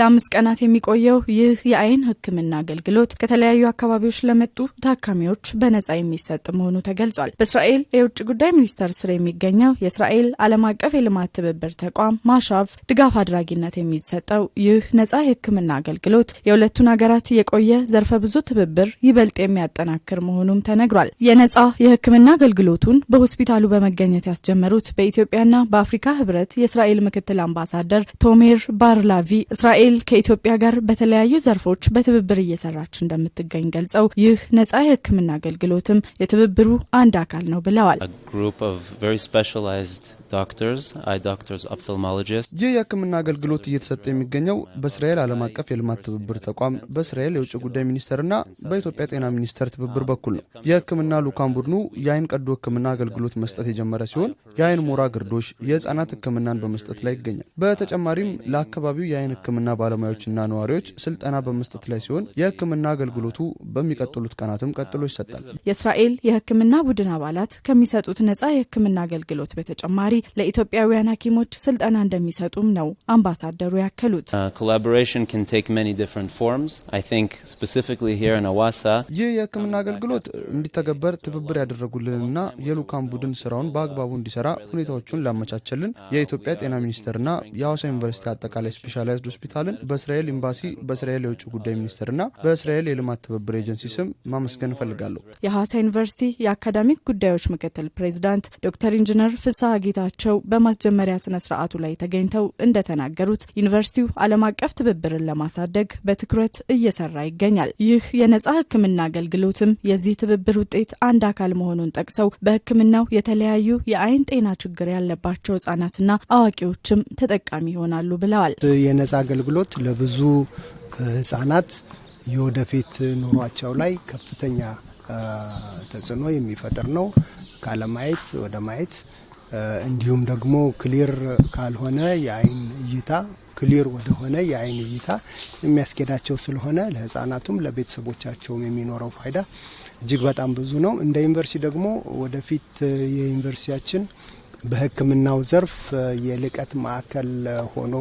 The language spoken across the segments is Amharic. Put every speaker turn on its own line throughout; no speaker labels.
ለአምስት ቀናት የሚቆየው ይህ የአይን ሕክምና አገልግሎት ከተለያዩ አካባቢዎች ለመጡ ታካሚዎች በነጻ የሚሰጥ መሆኑ ተገልጿል። በእስራኤል የውጭ ጉዳይ ሚኒስቴር ስር የሚገኘው የእስራኤል ዓለም አቀፍ የልማት ትብብር ተቋም ማሻቭ ድጋፍ አድራጊነት የሚሰጠው ይህ ነጻ የሕክምና አገልግሎት የሁለቱን ሀገራት የቆየ ዘርፈ ብዙ ትብብር ይበልጥ የሚያጠናክር መሆኑም ተነግሯል። የነጻ የሕክምና አገልግሎቱን በሆስፒታሉ በመገኘት ያስጀመሩት በኢትዮጵያና በአፍሪካ ህብረት የእስራኤል ምክትል አምባሳደር ቶሜር ባርላቪ እስራኤል እስራኤል ከኢትዮጵያ ጋር በተለያዩ ዘርፎች በትብብር እየሰራች እንደምትገኝ ገልጸው ይህ ነጻ የሕክምና አገልግሎትም የትብብሩ አንድ አካል ነው ብለዋል።
የህክምና አገልግሎት እየተሰጠ የሚገኘው በእስራኤል ዓለም አቀፍ የልማት ትብብር ተቋም በእስራኤል የውጭ ጉዳይ ሚኒስቴርና በኢትዮጵያ ጤና ሚኒስቴር ትብብር በኩል ነው። የህክምና ልዑካን ቡድኑ የአይን ቀዶ ህክምና አገልግሎት መስጠት የጀመረ ሲሆን የአይን ሞራ ግርዶሽ፣ የህፃናት ህክምናን በመስጠት ላይ ይገኛል። በተጨማሪም ለአካባቢው የአይን ህክምና ባለሙያዎችና ነዋሪዎች ስልጠና በመስጠት ላይ ሲሆን የህክምና አገልግሎቱ በሚቀጥሉት ቀናትም ቀጥሎ ይሰጣል።
የእስራኤል የህክምና ቡድን አባላት ከሚሰጡት ነጻ የህክምና አገልግሎት በተጨማሪ ለኢትዮጵያውያን ሐኪሞች ስልጠና እንደሚሰጡም ነው አምባሳደሩ ያከሉት።
uh,
ይህ የህክምና አገልግሎት እንዲተገበር ትብብር ያደረጉልንና የልዑካን ቡድን ስራውን በአግባቡ እንዲሰራ ሁኔታዎቹን ላመቻቸልን የኢትዮጵያ ጤና ሚኒስቴርና የሐዋሳ ዩኒቨርሲቲ አጠቃላይ ስፔሻላይዝድ ሆስፒታልን በእስራኤል ኤምባሲ፣ በእስራኤል የውጭ ጉዳይ ሚኒስቴርና በእስራኤል የልማት ትብብር ኤጀንሲ ስም ማመስገን እፈልጋለሁ።
የሐዋሳ ዩኒቨርሲቲ የአካዳሚክ ጉዳዮች ምክትል ፕሬዚዳንት ዶክተር ኢንጂነር ፍስሐ ጌታ በበኩላቸው በማስጀመሪያ ስነ ስርዓቱ ላይ ተገኝተው እንደተናገሩት ዩኒቨርሲቲው ዓለም አቀፍ ትብብርን ለማሳደግ በትኩረት እየሰራ ይገኛል። ይህ የነጻ ሕክምና አገልግሎትም የዚህ ትብብር ውጤት አንድ አካል መሆኑን ጠቅሰው በሕክምናው የተለያዩ የአይን ጤና ችግር ያለባቸው ህጻናትና አዋቂዎችም ተጠቃሚ ይሆናሉ ብለዋል።
የነጻ አገልግሎት ለብዙ ህጻናት የወደፊት ኑሯቸው ላይ ከፍተኛ ተጽዕኖ የሚፈጥር ነው። ካለማየት ወደ ማየት እንዲሁም ደግሞ ክሊር ካልሆነ የአይን እይታ ክሊር ወደሆነ የአይን እይታ የሚያስኬዳቸው ስለሆነ ለህጻናቱም ለቤተሰቦቻቸውም የሚኖረው ፋይዳ እጅግ በጣም ብዙ ነው። እንደ ዩኒቨርሲቲ ደግሞ ወደፊት የዩኒቨርሲቲያችን በሕክምናው ዘርፍ የልቀት ማዕከል ሆኖ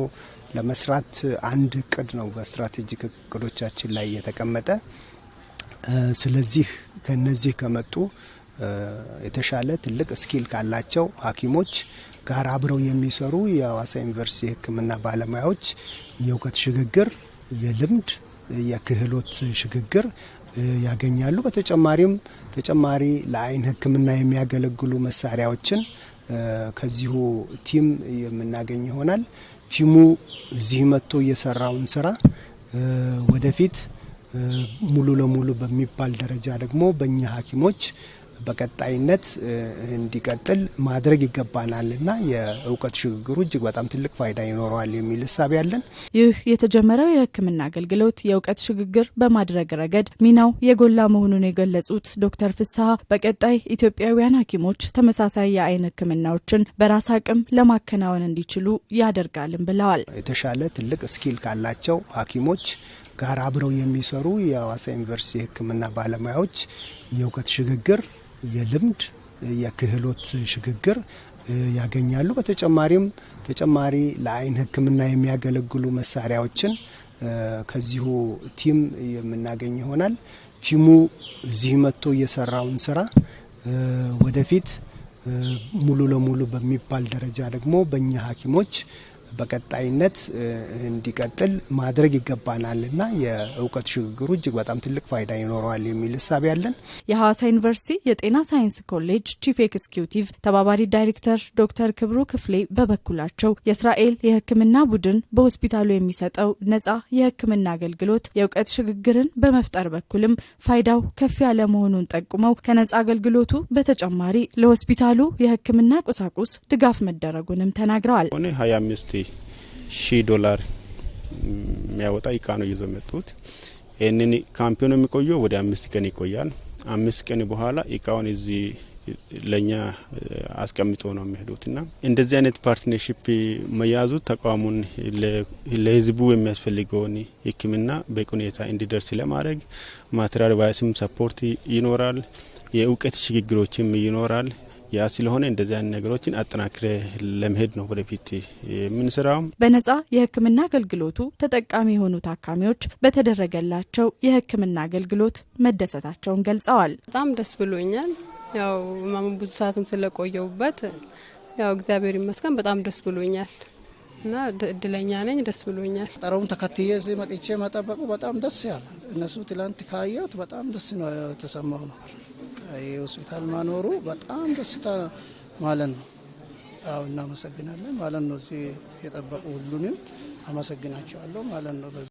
ለመስራት አንድ እቅድ ነው በስትራቴጂክ እቅዶቻችን ላይ የተቀመጠ። ስለዚህ ከነዚህ ከመጡ የተሻለ ትልቅ ስኪል ካላቸው ሐኪሞች ጋር አብረው የሚሰሩ የሀዋሳ ዩኒቨርሲቲ የሕክምና ባለሙያዎች የእውቀት ሽግግር፣ የልምድ የክህሎት ሽግግር ያገኛሉ። በተጨማሪም ተጨማሪ ለአይን ሕክምና የሚያገለግሉ መሳሪያዎችን ከዚሁ ቲም የምናገኝ ይሆናል። ቲሙ እዚህ መጥቶ የሰራውን ስራ ወደፊት ሙሉ ለሙሉ በሚባል ደረጃ ደግሞ በእኛ ሐኪሞች በቀጣይነት እንዲቀጥል ማድረግ ይገባናል እና የእውቀት ሽግግሩ እጅግ በጣም ትልቅ ፋይዳ ይኖረዋል የሚል እሳቤ ያለን።
ይህ የተጀመረው የሕክምና አገልግሎት የእውቀት ሽግግር በማድረግ ረገድ ሚናው የጎላ መሆኑን የገለጹት ዶክተር ፍስሀ በቀጣይ ኢትዮጵያውያን ሐኪሞች ተመሳሳይ የአይን ሕክምናዎችን በራስ አቅም ለማከናወን እንዲችሉ ያደርጋልም ብለዋል።
የተሻለ ትልቅ ስኪል ካላቸው ሐኪሞች ጋር አብረው የሚሰሩ የሀዋሳ ዩኒቨርሲቲ የህክምና ባለሙያዎች የእውቀት ሽግግር የልምድ የክህሎት ሽግግር ያገኛሉ። በተጨማሪም ተጨማሪ ለአይን ሕክምና የሚያገለግሉ መሳሪያዎችን ከዚሁ ቲም የምናገኝ ይሆናል። ቲሙ እዚህ መጥቶ እየሰራውን ስራ ወደፊት ሙሉ ለሙሉ በሚባል ደረጃ ደግሞ በእኛ ሐኪሞች በቀጣይነት እንዲቀጥል ማድረግ ይገባናልና የእውቀት ሽግግሩ እጅግ በጣም ትልቅ ፋይዳ ይኖረዋል የሚል እሳቤ ያለን
የሐዋሳ ዩኒቨርሲቲ የጤና ሳይንስ ኮሌጅ ቺፍ ኤክስኪዩቲቭ ተባባሪ ዳይሬክተር ዶክተር ክብሩ ክፍሌ በበኩላቸው የእስራኤል የሕክምና ቡድን በሆስፒታሉ የሚሰጠው ነጻ የሕክምና አገልግሎት የእውቀት ሽግግርን በመፍጠር በኩልም ፋይዳው ከፍ ያለ መሆኑን ጠቁመው ከነጻ አገልግሎቱ በተጨማሪ ለሆስፒታሉ የሕክምና ቁሳቁስ ድጋፍ መደረጉንም ተናግረዋል።
ሀያ አምስት ሺህ ዶላር የሚያወጣ እቃ ነው ይዞ መጡት። ይህንን ካምፒዮን የሚቆየው ወደ አምስት ቀን ይቆያል። አምስት ቀን በኋላ እቃውን እዚህ ለእኛ አስቀምጦ ነው የሚሄዱት እና እንደዚህ አይነት ፓርትነርሽፕ መያዙ ተቋሙን ለህዝቡ የሚያስፈልገውን ሕክምና በቂ ሁኔታ እንዲደርስ ለማድረግ ማትሪያል ባይስም ሰፖርት ይኖራል። የእውቀት ሽግግሮችም ይኖራል። ያ ስለሆነ እንደዚህ አይነት ነገሮችን አጠናክሬ ለመሄድ ነው ወደፊት የምንሰራው።
በነጻ የህክምና አገልግሎቱ ተጠቃሚ የሆኑ ታካሚዎች በተደረገላቸው የህክምና አገልግሎት መደሰታቸውን ገልጸዋል።
በጣም ደስ ብሎኛል። ያው ማመን ብዙ ሰዓትም ስለቆየውበት ያው እግዚአብሔር ይመስገን በጣም ደስ ብሎኛል እና እድለኛ ነኝ። ደስ ብሎኛል።
ጠረውን ተከትዬ እዚህ መጥቼ መጠበቁ በጣም ደስ ያለ እነሱ ትላንት ካየሁት በጣም ደስ ነው የተሰማው ነበር። ይህ ሆስፒታል ማኖሩ በጣም ደስታ ማለት ነው። አዎ እናመሰግናለን ማለት ነው። እዚህ የጠበቁ ሁሉንም አመሰግናቸዋለሁ ማለት ነው።